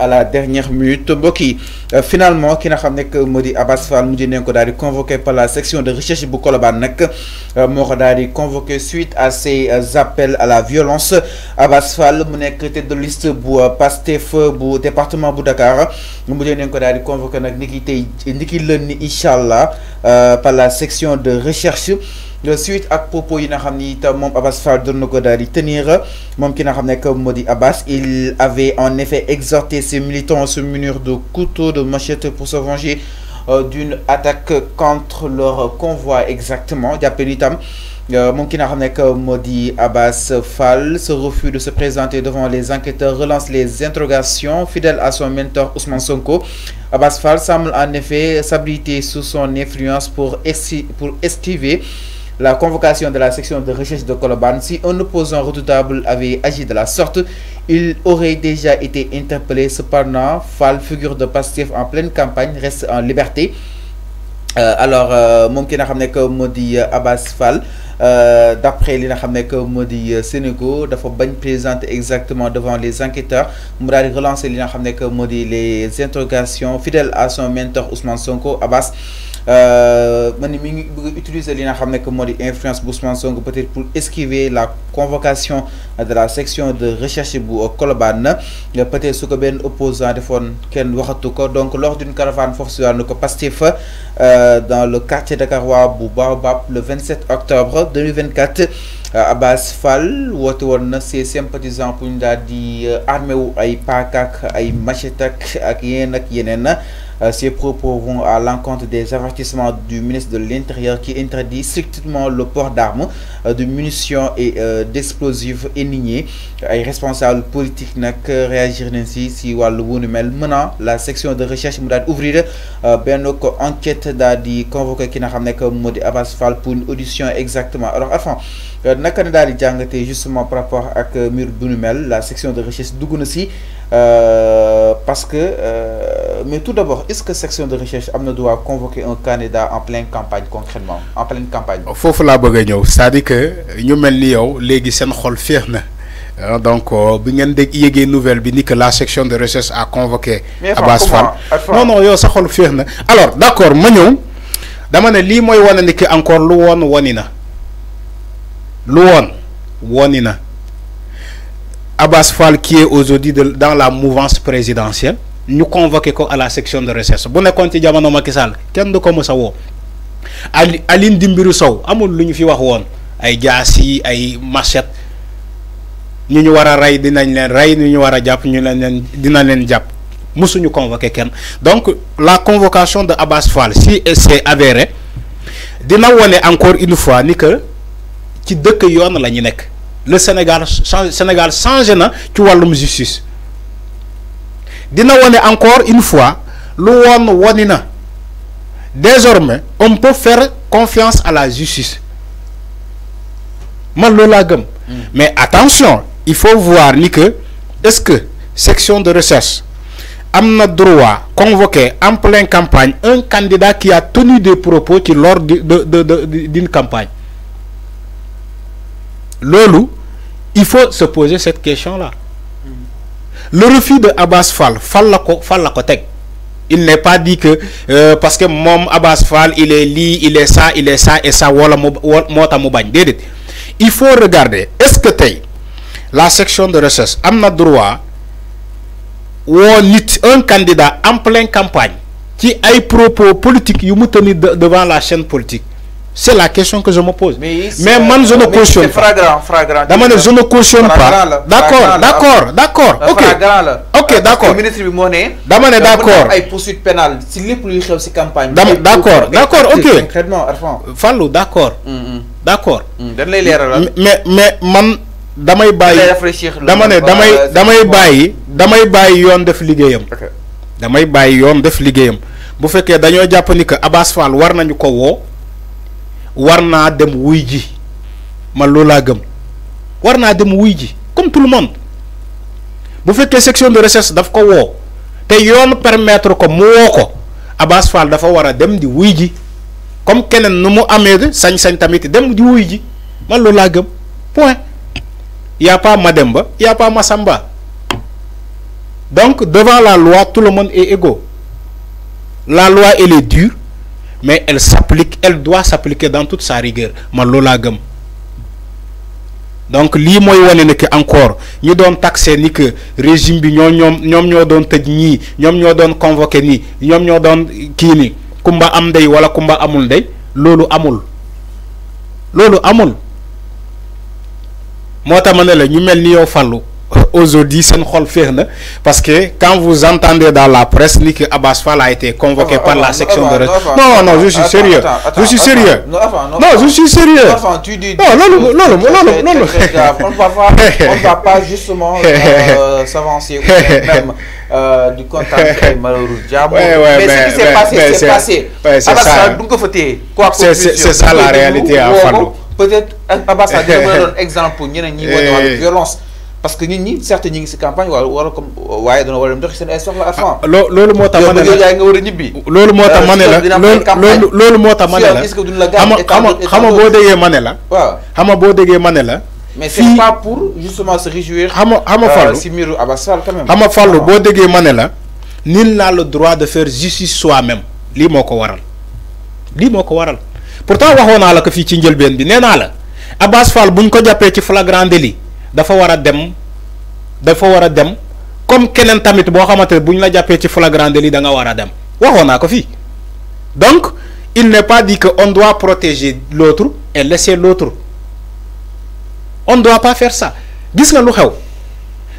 à la dernière minute boki euh, finalement ki n'a pas nekk moo di Abass Fall mujj ko convoqué par la section de recherche bu Colobane nag euh, moo ko convoqué suite à ces euh, appels à la violence Abass Fall mu nekk tête de liste bu Pastef bu département bu Dakar mujj nañ ko daal convoqué nag ni ki tey ni par la section de recherche suite à propos de nga Abbas Fall tenir Abbas il avait en effet exhorté ses militants à se munir de couteaux de machettes pour se venger euh, d'une attaque contre leur convoi exactement D'après ni mom euh, Abbas Fall se refus de se présenter devant les enquêteurs relance les interrogations fidèle à son mentor Ousmane Sonko Abbas Fall semble en effet s'habiliter sous son influence pour esti pour estiver la convocation de la section de recherche de Koloban. Si un opposant redoutable avait agi de la sorte, il aurait déjà été interpellé. Cependant, Fall, figure de passif en pleine campagne, reste en liberté. Euh, alors euh, mon ki que euh, Abbas Fall d'après li n'a que Modi exactement devant les enquêteurs mu relance relancer que Modi les interrogations fidèles à son mentor Ousmane Sonko Abbas euh, man ni mi ngi bëgg utiliser li nga xam peut-être pour esquiver la convocation de la section de recherche bu Colobane peut-être ce que opposant defoon kenn waxatu ko donc lors d'une caravane forcément nu ko euh, dans le quartier dakarois bu Baobab le 27 octobre 2024 euh, Abbas Fall woote woon na ses sympathisants pour ñu daal di euh, armé wu ay paaka ak ay machette ak yeneen ak euh, ces propos vont à l'encontre des avertissements du ministre de l'Intérieur qui interdit strictement le port d'armes, euh, de munitions et euh, d'explosifs Les responsables responsable politique que réagir ainsi si si la section de recherche m'a ouvrir enquête qui a convoqué qui par que pour une audition exactement alors enfin, le Canada a été justement par rapport à mur la section de recherche de aussi parce que. Euh, mais tout d'abord est-ce que section de recherche A doit convoquer un candidat en pleine campagne concrètement en pleine campagne. Faut que la a c'est-à-dire que Nous sommes les yow léegi sont xol euh, donc euh, bi ngeen a une nouvelle que la section de recherche a convoqué Abbas Fall non non yow sa xol alors d'accord, je ma ñëw je veux dire, que encore lu woon woni na lu Fall qui est aujourd'hui dans la mouvance présidentielle nous convoquons à la section de recherche bu nekkoon ci vous Macky Vous ko vous vous Aline vous amul Vous fi wax vous ay ay machette donc la convocation de Abbas Fall si c'est avéré dina dit encore une fois ni que ci la vous le Sénégal Sénégal changé na ci la justice dina encore une fois lu désormais on peut faire confiance à la justice hmm. mais attention il faut voir ni que est-ce que section de recherche a le droit convoquer en pleine campagne un candidat qui a tenu des propos qui lors d'une campagne loup il faut se poser cette question-là le refus de Abbas Fall il n'est pas dit que euh, parce que mom Abbas Fall il est lit, il est ça il est ça et ça il faut regarder est-ce que la section de recherche a le droit d'un un candidat en pleine campagne qui qui des propos politiques devant la chaîne politique. C'est la question que je me pose. Mais, mais man, je ne cautionne pas. D'accord, d'accord, d'accord. Ok, ok, d'accord. ministre mm, mm. d'accord. poursuite pénale. D'accord, d'accord, d'accord, d'accord. Mais, mais, damay damay damay damay def damay def bu ni que Fall war warna de dem wuyji ji man de gem comme tout le monde faites une section de recherche daf ko yon permettre ko mu Abbas, ko Abass Fall dafa dem di wuyji comme kenen nu mu de sañ-sañ dem di wuyji man point y a pas Mademba y a pas Massamba donc devant la loi tout le monde est égaux la loi elle est dure mais elle s'applique elle doit s'appliquer dans toute sa rigueur man donc li moy wane ne que encore ñi doon taxé ni que régime bi ñoo ñom ñom ñoo doon tej ñii ñom ñoo doon convoquer ñoo doon kumba am ndey wala kumba amul lolo lolu amul lolu amul mota mané la ñu yow aujourd'hui c'est xol parce que quand vous entendez dans la presse ni Abbas Fall a été convoqué par la section de non non je suis sérieux je suis sérieux non je suis sérieux non non, non, non, non. on ne va pas justement euh, s'avancer même euh, du contact ay malheureux Diabo mais ce qui s'est passé c'est passé Abbas Fall c'est ça la réalité à Fallou peut-être Abbas Fall dina un a exemple ñeneen ñi dans la violence parce que nous, nous, certes nous, campagne comme ah, pas pour justement se réjouir. Euh, si quand même. le droit de faire justice soi-même pourtant la délit dafa war a dem dafa war dem comme keneen tamit boo xamante ne bu ñu la jàppee ci flagrant délit da nga war a dem waxoon naa ko fii donc il n'est pas dit que on doit protéger l'autre et laisser l'autre on ne doit pas faire ça gis nga lu xew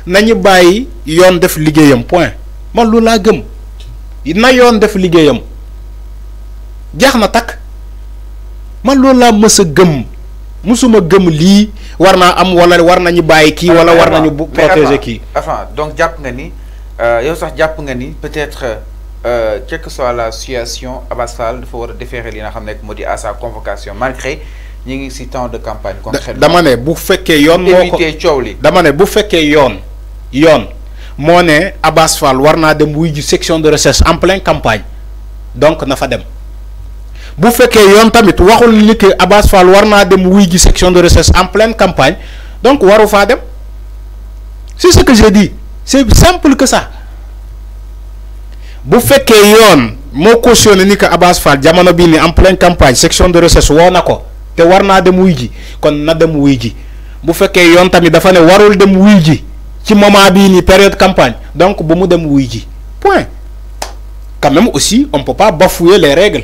nañu bàyyi yoon def liggéeyam point man lu laa gëm na yoon def liggéeyam jaax na takk man loolu laa mës gëm musuma gëm warna war am wala warna nañu bàyyi ki wala war nañu ah, protéger ki enfin donc japp nga ni euh, yow sax japp nga ni peut-être euh quelque soit la situation Abass Fall dafa wara déférer li nga xam ne di à sa convocation malgré ñi ngi ci temps de campagne concrètement dama ne bu féké yoon moo ko dama ne bu féké yoon yoon moo ne warna Fall dem wuy ji section de recherche en plein campagne donc na fa dem bu fekkee yoon tamit waxul ni que abbas Fall dem wuy section de recherche en pleine campagne donc waru faa dem c'est ce que j'ai dit c'est simple que ça bu fekkee yoon moo cautionné ni que abbas Fall en pleine campagne section de recherche woo na te war naa dem wuy ji kon na dem wuy ji bu fekkee yoon tamit dafa ne warul dem wuy ji ci moment période campagne donc bu mu dem wuy point quand même aussi on peut pas bafouer les règles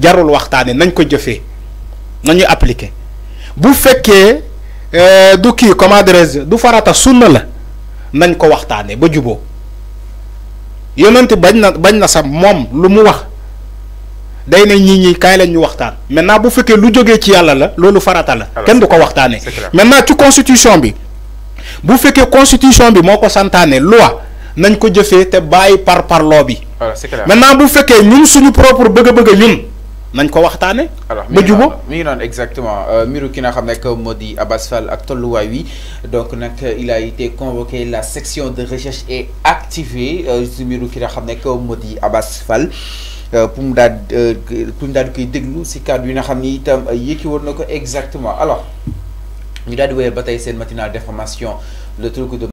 jarul waxtaane nañ ko jëfee nañu appliquer bu fekkee euh, du kii comment dirais-je du farata sunna la nañ ko waxtaanee ba juboo yonent bañ na bañ na sa moom lu mu wax day ne ñii ñi kaay lañ ñu waxtaan maintenant bu fekkee lu jógee ci yàlla la loolu farata la kenn du ko waxtaane maintenant ci constitution bi bu fekkee constitution bi moo ko santaane loi nañ ko jëfee te bàyyi par parloo bi maintenant bu fekkee ñun suñu propre bëgg-bëgg ñun nañ ko waxtaane ba mi ngi exactement euh, miru ki n'a xam nekk modi di Fall ak tolluwaay wi donc nak il a été convoqué la section de recherche est activée euh, miru ki na xam nekk modi di Fall pour euh, nous, pour mu daal euh, déglu si cadre yi nga xamni ni itam yëkki exactement alors ñu daal di wéyal ba tey seen matinale d'information le truc de